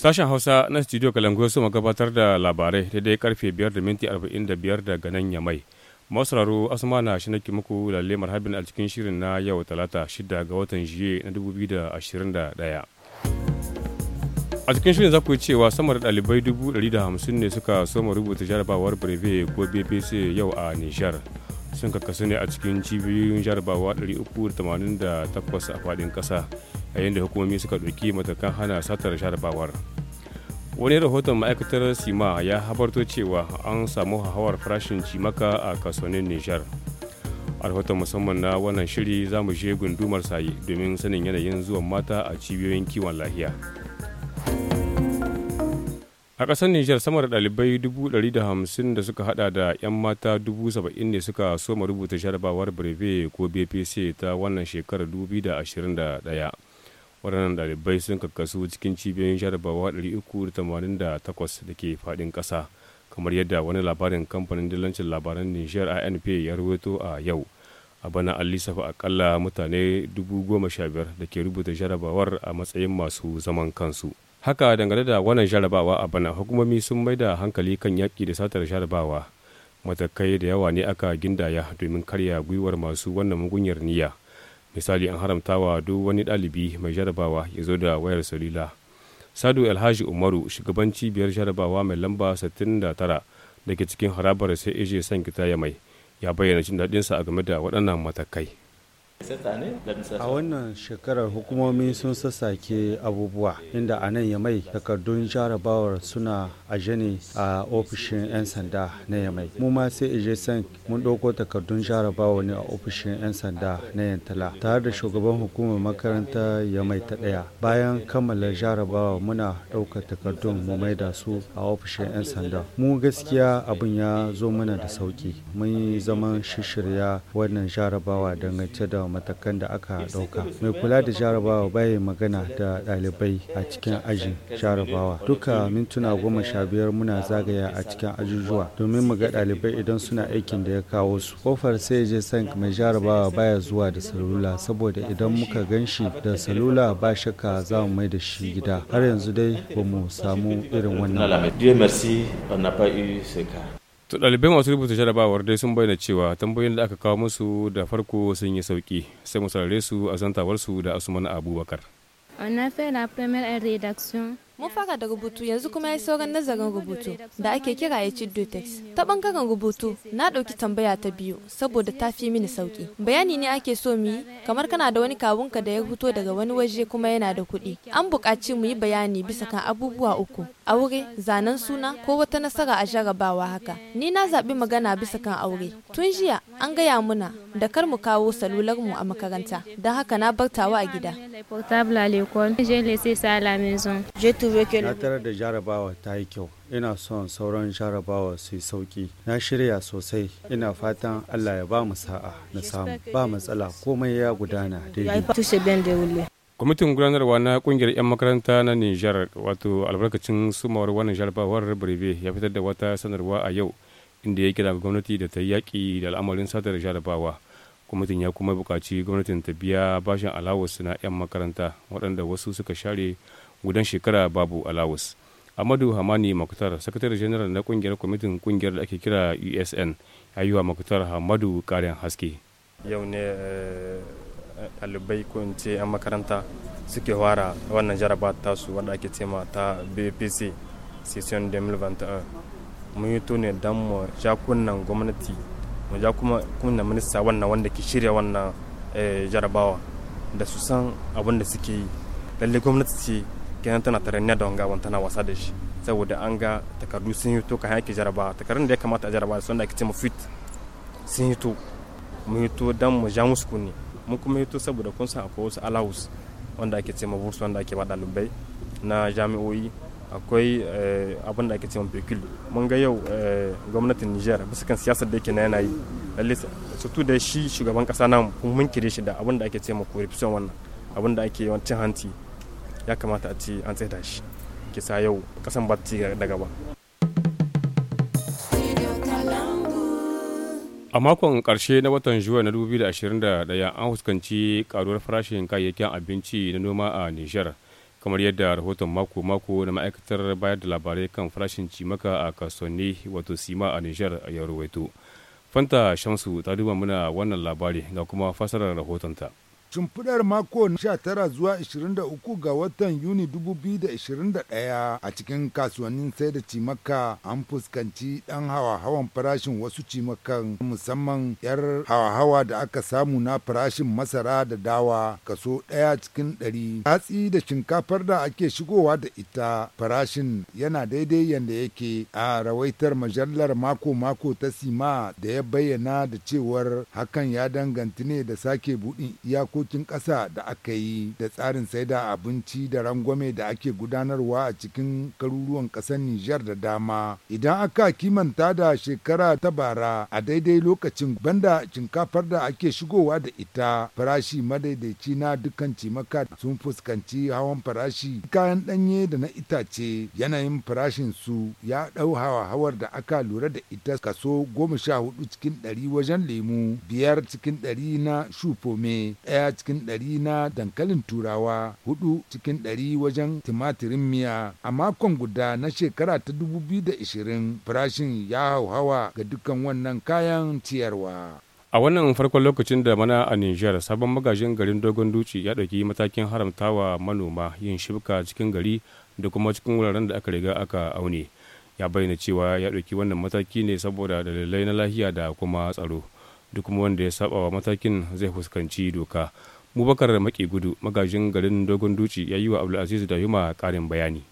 Sashen Hausa na Studio Kalangu su gabatar da labarai daidai karfe 5 da minti 45 daga nan Yamai. Masararu Asmana shi nake muku lalle marhabin a cikin shirin na yau talata 6 ga watan Jiye na 2021. a cikin shirin za ku yi cewa sama da ɗalibai 150 ne suka soma rubuta jarabawar breve ko bbc yau a nijar sun kakasu ne a cikin cibiyoyin jarabawa 388 a faɗin ƙasa a da hukumomi suka ɗauki matakan hana satar jarabawar wani rahoton ma'aikatar sima ya habarto cewa an samu hawar farashin cimaka a kasuwannin nijar a rahoton musamman na wannan shiri za mu je gundumar saye domin sanin yanayin zuwan mata a cibiyoyin kiwon lahiya a kasar nijar sama da ɗalibai 150 da suka hada da 'yan mata saba'in ne suka soma rubuta jarabawar breve ko bpc ta wannan shekarar 2021 waɗannan ɗalibai sun kakkasu cikin cibiyoyin jarabawa 388 da ke faɗin ƙasa kamar yadda wani labarin kamfanin dillancin labaran nijar anp ya rawaito a yau a bana an lissafa akalla mutane 15,000 da ke rubuta jarabawar a matsayin masu zaman kansu haka dangane da wannan jarabawa a bana hukumomi sun mai da hankali kan yaƙi da satar jarabawa matakai da yawa ne aka gindaya domin karya gwiwar masu wannan mugunyar niyya misali an haramta wa duk wani ɗalibi mai jarabawa ya zo da wayar salula sadu alhaji umaru shugaban cibiyar jarabawa mai lamba 69 da ke cikin harabar sai ije san kita ya mai ya bayyana jin daɗinsa a game da waɗannan matakai A wannan shekarar hukumomi sun sassake abubuwa inda a nan Yamai takardun jarabawar suna aje ne a ofishin 'yan sanda na Yamai. Mu ma sai ije san mun ɗauko takardun jarabawa ne a ofishin 'yan sanda na Yantala tare da shugaban hukumar makaranta Yamai ta ɗaya. Bayan kammala jarabawa muna ɗaukar takardun mu mai da su a ofishin 'yan sanda. Mu gaskiya abin ya zo mana da sauki. Mun yi zaman shishirya wannan jarabawa dangance da matakan da aka ɗauka. Mai kula da jarabawa bai magana da ɗalibai a cikin ajin jarabawa. Duka mintuna goma sha biyar muna zagaya a cikin ajujuwa domin mu ga ɗalibai idan suna aikin da ya kawo su. Kofar sai je san mai jarabawa baya zuwa da salula saboda idan muka gan shi da salula ba shakka za mu mai da shi gida. Har yanzu dai ba mu samu irin wannan. to ɗalibai masu rubuta jarabawar dai sun bayyana cewa tambayoyin da aka kawo musu da farko sun yi sauki sai mu su a zantawar su da asumana abubakar Mun fara da rubutu yanzu kuma ya sauran nazarin rubutu da ake kira ya ci Ta bangaren rubutu na ɗauki tambaya ta biyu saboda ta fi mini sauki. Bayani ne ake so mu yi kamar kana da wani kawunka da ya fito daga wani waje kuma yana da kuɗi. An buƙaci mu yi bayani bisa kan abubuwa uku. aure zanen suna ko wata nasara a jarabawa haka ni na zaɓi magana bisa kan aure tun jiya an gaya muna da kar mu kawo salular mu a makaranta don haka na bartawa a gida na tara da jarabawa ta yi kyau ina son sauran jarabawa su yi sauki na shirya sosai ina fatan allah ya ba mu sa'a na samu ba matsala komai ya gudana daidai kwamitin gudanarwa na kungiyar 'yan makaranta na nijar wato albarkacin sumawar wannan jarabawar birbe ya fitar da wata sanarwa a yau inda ya kira gwamnati da ta yaƙi da al'amarin satar jarabawa kwamitin ya kuma buƙaci gwamnatin ta biya bashin alawus na 'yan makaranta waɗanda wasu suka share gudan shekara babu alawus amadu hamani makutar sakatare janar na kungiyar kwamitin kungiyar da ake kira usn ya yi wa makutar hamadu ƙarin haske yau ne eh, ɗalibai ko in ce 'yan makaranta suke fara wannan jaraba ta su wanda ake cema ta bpc session 2021 mun yi to ne don mu ja kunnan gwamnati mu ja kuma kunnan minista wannan wanda ke shirya wannan eh, jarabawa da su san abin da suke yi lalle gwamnati ce kenan tana tare ne da wanga tana wasa da shi saboda an ga takardu sun yi to kan yake jaraba takardun da ya kamata a jaraba da sun da ake cema fit sun yi to mu yi to don mu ja musu kunne mu kuma hito saboda kun san akwai wasu alawus wanda ake ce ma wanda ake ba dalibai na jami'o'i akwai eh, abin da ake ce bekul mun ga yau eh, gwamnatin niger bisa kan siyasar da yake na yanayi lalle sutu da shi shugaban kasa na mun kire shi da abin da ake ce corruption wannan abin da ake yawancin cin hanci ya kamata a ce an tsaye da shi kisa yau kasan ba ci daga ba A makon ƙarshe na watan Juwa na 2021 an fuskanci karuwar farashin kayayyakin abinci na noma a Nijar, kamar yadda rahoton mako-mako na ma'aikatar bayar da labarai kan farashin cimaka a kasuwanni wato sima a Nijar ya rawaito. Fanta Shamsu ta duba muna wannan labari ga kuma fasarar rahotonta. ta. shimfiɗar mako 19 zuwa 23 ga watan Yuni 2021 a cikin kasuwannin sai da cimaka an fuskanci ɗan hawa-hawan farashin wasu cimakan musamman 'yar hawa-hawa da aka samu na farashin masara da dawa kaso ɗaya cikin ɗari. Hatsi da shinkafar da ake shigowa da ita farashin yana daidai yadda yake a rawaitar majallar mako-mako ta sima da ya bayyana da cewar hakan ya danganti ne da sake buɗin iyakoki dokokin ƙasa da aka yi da tsarin saida abinci da rangwame da ake gudanarwa a cikin garuruwan ƙasar Nijar da dama. Idan aka kimanta da shekara ta bara a daidai lokacin banda shinkafar da ake shigowa da ita farashi madaidaici na dukkan cimaka sun fuskanci hawan farashi kayan ɗanye da na itace yanayin farashin su ya ɗau hawa hawar da aka lura da ita kaso goma sha hudu cikin ɗari wajen lemu biyar cikin ɗari na shufome ɗaya cikin ɗari na dankalin turawa hudu cikin ɗari wajen timatirin miya a makon guda na shekara ta dubu biyu da 2020 farashin ya hawa ga dukkan wannan kayan ciyarwa. a wannan farkon lokacin da mana a niger sabon magajin garin dogon duci ya ɗauki matakin haramtawa manoma yin shibka cikin gari da kuma cikin wuraren da aka riga aka aune ya bayyana cewa ya ɗauki wannan mataki ne saboda dalilai na lahiya da kuma tsaro duk wanda ya saba wa matakin zai fuskanci doka mubakar maki gudu magajin garin dogon duci ya yi wa abdulaziz da yuma karin bayani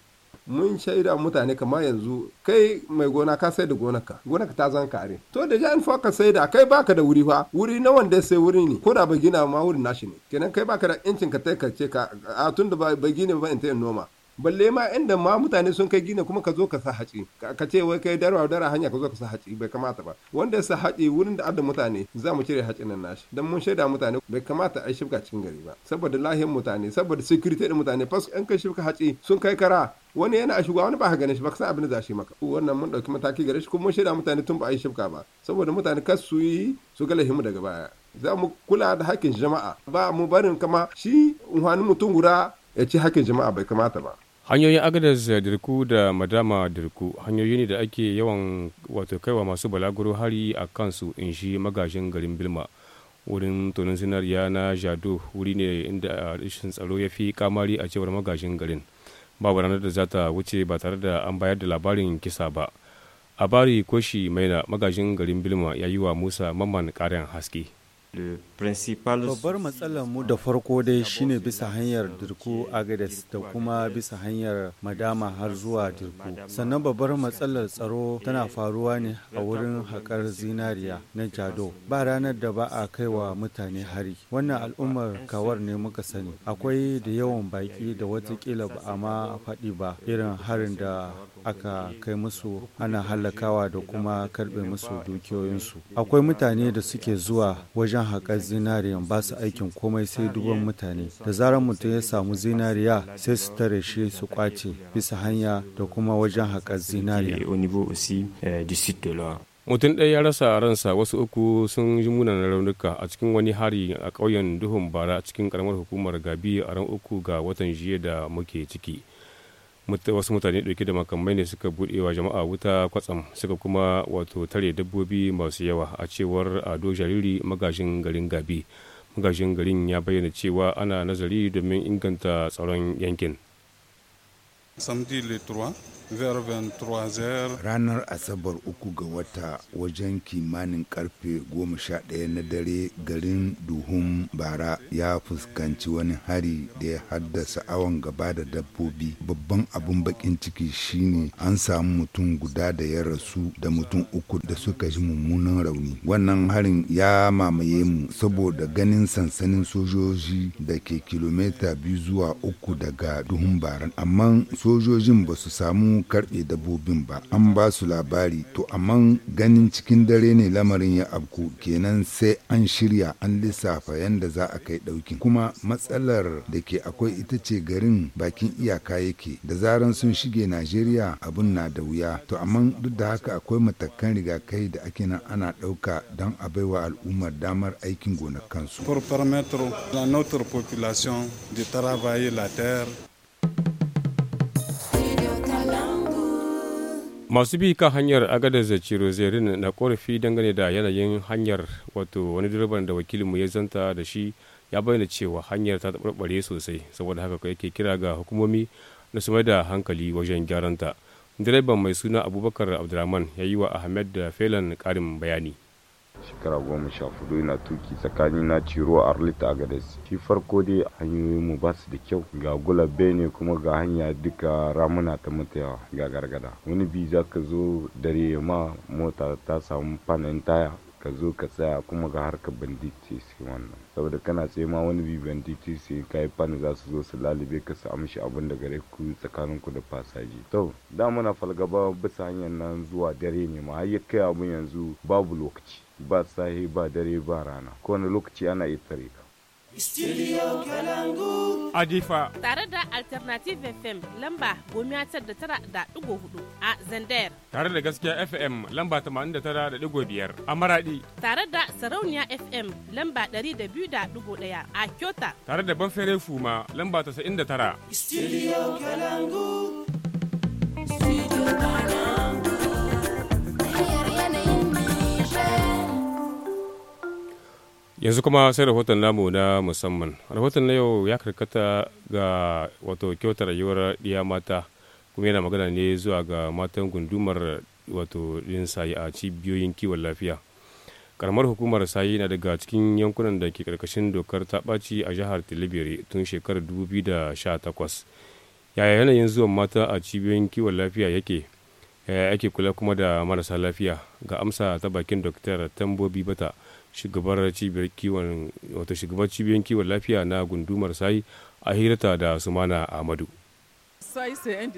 mun shaida mutane kama yanzu kai mai gona ka sai da gonarka gonaka ta zan kare to da jan fa ka sai da kai baka da wuri fa wuri na wanda sai wuri ne ko da ba gina ma wurin nashi ne kenan kai baka da incin ka kai ka ce ka a tun da ba gina ba in ta noma balle ma inda ma mutane sun kai gina kuma ka zo ka sa haci ka ce wai kai darwa dara hanya ka zo ka sa haci bai kamata ba wanda ya sa haci wurin da adda mutane za mu cire hacin nan nashi dan mun shaida mutane bai kamata a shifka cikin gari ba saboda lahiyar mutane saboda security din mutane fas an kai shifka haci sun kai kara wani yana a shugaba wani ba ka gane shi ba san abin da za shi maka wannan mun dauki mataki gare shi kuma mun shaida mutane tun ba a yi shifka ba saboda mutane kas su yi su ga lahimu daga baya za mu kula da hakkin jama'a ba mu barin kama shi unhwanin mutum guda ya ci hakkin jama'a bai kamata ba hanyoyin agadar dirku da madama dirku hanyoyi ne da ake yawan wato kaiwa masu balaguro hari a kansu in shi magajin garin bilma wurin tonin zinariya na jado wuri ne inda rashin tsaro ya fi kamari a cewar magajin garin babu ranar da za ta wuce ba tare da an bayar da labarin kisa ba a bari koshi maina magajin garin bilma ya yi wa musa mamman karen haske Babbar matsalar mu da farko dai shine bisa hanyar Dirku Agades da kuma bisa hanyar Madama har zuwa Dirku. Sannan babbar matsalar tsaro tana faruwa ne a wurin haƙar zinariya na Jado. Ba ranar da ba a kai wa mutane hari. Wannan al'ummar kawar ne muka sani. Akwai da yawan baƙi da watakila ba a ma faɗi ba irin harin da aka kai musu ana halakawa da kuma karɓe musu dukiyoyinsu. Akwai mutane da suke zuwa wajen wajen haƙar zinariyan ba su aikin komai sai duban mutane da zarar mutum ya samu zinariya sai su tare shi su kwace bisa hanya da kuma wajen haƙar zinariya euh, mutum ɗaya ya rasa ransa wasu uku sun ji munanan raunuka a cikin wani hari a ƙauyen duhun bara cikin ƙaramar hukumar gabi a ran uku ga watan jiya da muke ciki wasu mutane ɗauke da makamai ne suka buɗe wa jama'a wuta kwatsam suka kuma wato tare dabbobi masu yawa a cewar ado jariri magajin garin gabi magajin garin ya bayyana cewa ana nazari domin inganta tsaron yankin Ranar Asabar uku ga wata wajen kimanin karfe goma sha ɗaya na dare garin Duhun Bara ya fuskanci wani hari da ya haddasa awon gaba da dabbobi. Babban abin bakin ciki shine an samu mutum guda da ya rasu da mutum uku da suka ji mummunan rauni. Wannan harin ya mamaye mu saboda ganin sansanin sojoji da ke kilomita biyu zuwa uku daga Duhun Bara. Amma sojojin ba su samu mun karɓe dabbobin ba an ba su labari to amma ganin cikin dare ne lamarin ya abku kenan sai an shirya an lissafa yadda za a kai ɗaukin kuma matsalar da ke akwai ita ce garin bakin iyaka yake da zaran sun shige najeriya abun na da wuya to amma duk da haka akwai matakan rigakai da ake nan ana ɗauka don a baiwa al'ummar damar aikin gonakansu. Pour permettre de masu bi kan hanyar agadar zaciro zerin na korafi dangane da yanayin hanyar wato wani direban da wakilinmu ya zanta da shi ya bayyana cewa hanyar ta taɓarɓare sosai saboda haka yake kira ga hukumomi na su da hankali wajen gyaranta direban mai suna abubakar abdulrahman ya yi wa ahmed da felan ƙarin bayani shekara goma sha hudu yana tuki tsakanin na ciro arlita a gadas shi farko dai hanyoyin mu ba da kyau ga gulabe ne kuma ga hanya duka ramuna ta mutayawa ga gargada wani bi za ka zo dare ma mota ta samu fanin taya ka zo ka tsaya kuma ga harkar banditi su wannan saboda kana sai ma wani bi banditi su yi yi fani za su zo su lalube ka su amshi abun da gare ku tsakanin ku da fasaji to da muna falgaba bisa hanyar nan zuwa dare ne ma har ya kai abin yanzu babu lokaci ba sahi ba dare ba rana wani lokaci ana tare ka Studio Kalangu. Adifa. Tare da Alternative FM lamba gomiya tar da tara da ɗigo hudu a zander. Tare da gaskiya FM lamba tamanin da tara da ɗigo biyar a Maradi. Tare da Sarauniya FM lamba ɗari da biyu da ɗigo ɗaya a Kyota. Tare da Banfere Fuma lamba tasa'in da tara. Studio Kalangu. Studio Kalangu. yanzu kuma sai rahoton namu na musamman rahoton na yau ya karkata ga wato kyautar rayuwar ɗiya mata kuma yana magana ne zuwa ga matan gundumar wato sayi a cibiyoyin kiwon lafiya karamar hukumar sayi na daga cikin yankunan da ke karkashin dokar ta ɓaci a jihar tilibiri tun shekarar 2018 yaya yanayin zuwan mata a cibiyoyin kiwon lafiya yake yaya ake kula kuma da marasa lafiya ga amsa ta bakin doktar tambobi bata shugabar cibiyar kiwon wato shugabar cibiyar kiwon lafiya na gundumar sai a hirata da sumana amadu.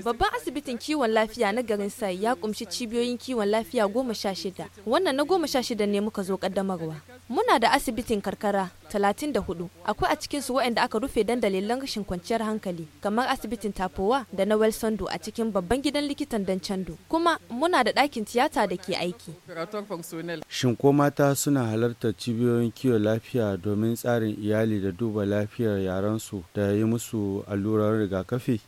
Babban asibitin kiwon lafiya na garin Sai ya kumshi cibiyoyin kiwon lafiya goma sha shida. Wannan na goma sha shida ne muka zo kaddamarwa. Muna da asibitin karkara 34 akwai a cikinsu waɗanda aka rufe don dalilan rashin kwanciyar hankali kamar asibitin tafowa da na welsondo a cikin babban gidan likitan dan chando kuma muna da ɗakin tiyata da ke aiki shin ko mata suna halartar cibiyoyin kiwon lafiya domin tsarin iyali da duba lafiyar yaransu da yi musu allurar rigakafi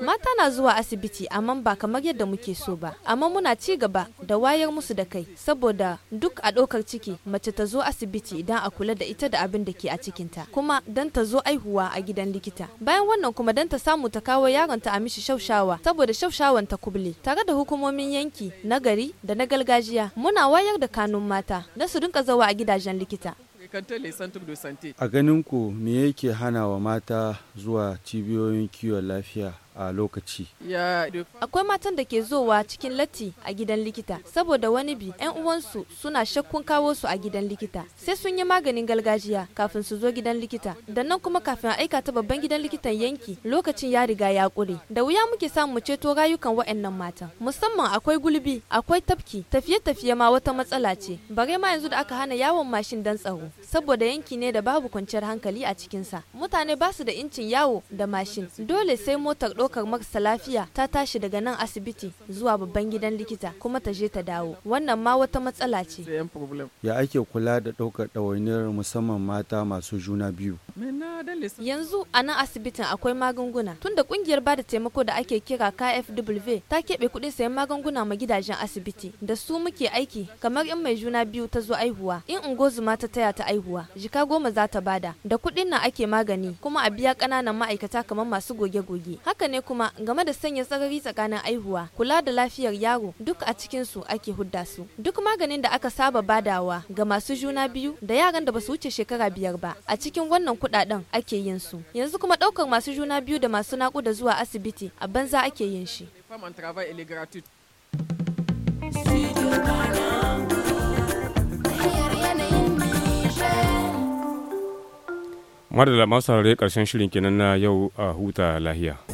Mata na zuwa asibiti amma ba kamar yadda muke so ba, amma muna ci gaba da wayar musu da kai saboda duk a ɗaukar ciki mace ta zo asibiti idan a kula da ita da abin da ke a cikinta, kuma dan ta zo aihuwa a gidan likita. Bayan wannan kuma dan ta samu ta kawo ta a mishi shaushawa saboda shaushawan ta kuble. Tare da hukumomin yanki na gari da na gargajiya muna wayar da kanun mata na su rinka zawa a gidajen likita. A ganin ku me yake hana wa mata zuwa cibiyoyin kiwon lafiya a lokaci. Akwai matan da ke zowa cikin latti a gidan likita saboda wani bi 'yan uwansu suna shakkun kawo su a gidan likita sai sun yi maganin gargajiya kafin su zo gidan likita da nan kuma kafin a aika ta babban gidan likitan yanki lokacin ya riga ya ƙure da wuya muke samu ceto rayukan waɗannan matan musamman akwai gulbi akwai tafki tafiye-tafiye ma wata matsala ce bare ma yanzu da aka hana yawon mashin dan tsaro saboda yanki ne da babu kwanciyar hankali a cikinsa mutane ba su da incin yawo da mashin dole sai motar ɗaukar marasa lafiya ta tashi daga nan asibiti zuwa babban gidan likita kuma ta je ta dawo wannan ma wata matsala ce ya ake kula da ɗaukar ɗawainiyar musamman mata masu juna biyu Yanzu a nan asibitin akwai magunguna. Tunda kungiyar ba da taimako da ake kira KFW ta keɓe kuɗin sayan magunguna ma gidajen asibiti da su muke aiki kamar in mai juna biyu ta zo aihuwa in ungozuma ta taya ta aihuwa jika goma za ta bada da kuɗin nan ake magani kuma a biya ƙananan ma'aikata kamar masu goge-goge. Haka ne kuma game da sanya tsarari tsakanin aihuwa kula da lafiyar yaro duk a cikinsu ake hudda su. Duk maganin da aka saba badawa ga masu juna biyu da yaran da ba su wuce shekara biyar ba a cikin wannan kuɗaɗen ake yin su yanzu kuma ɗaukar masu juna biyu da masu naƙuda zuwa asibiti a banza ake yin shi madalla masu harare karshen shirin kenan na yau a huta lahiya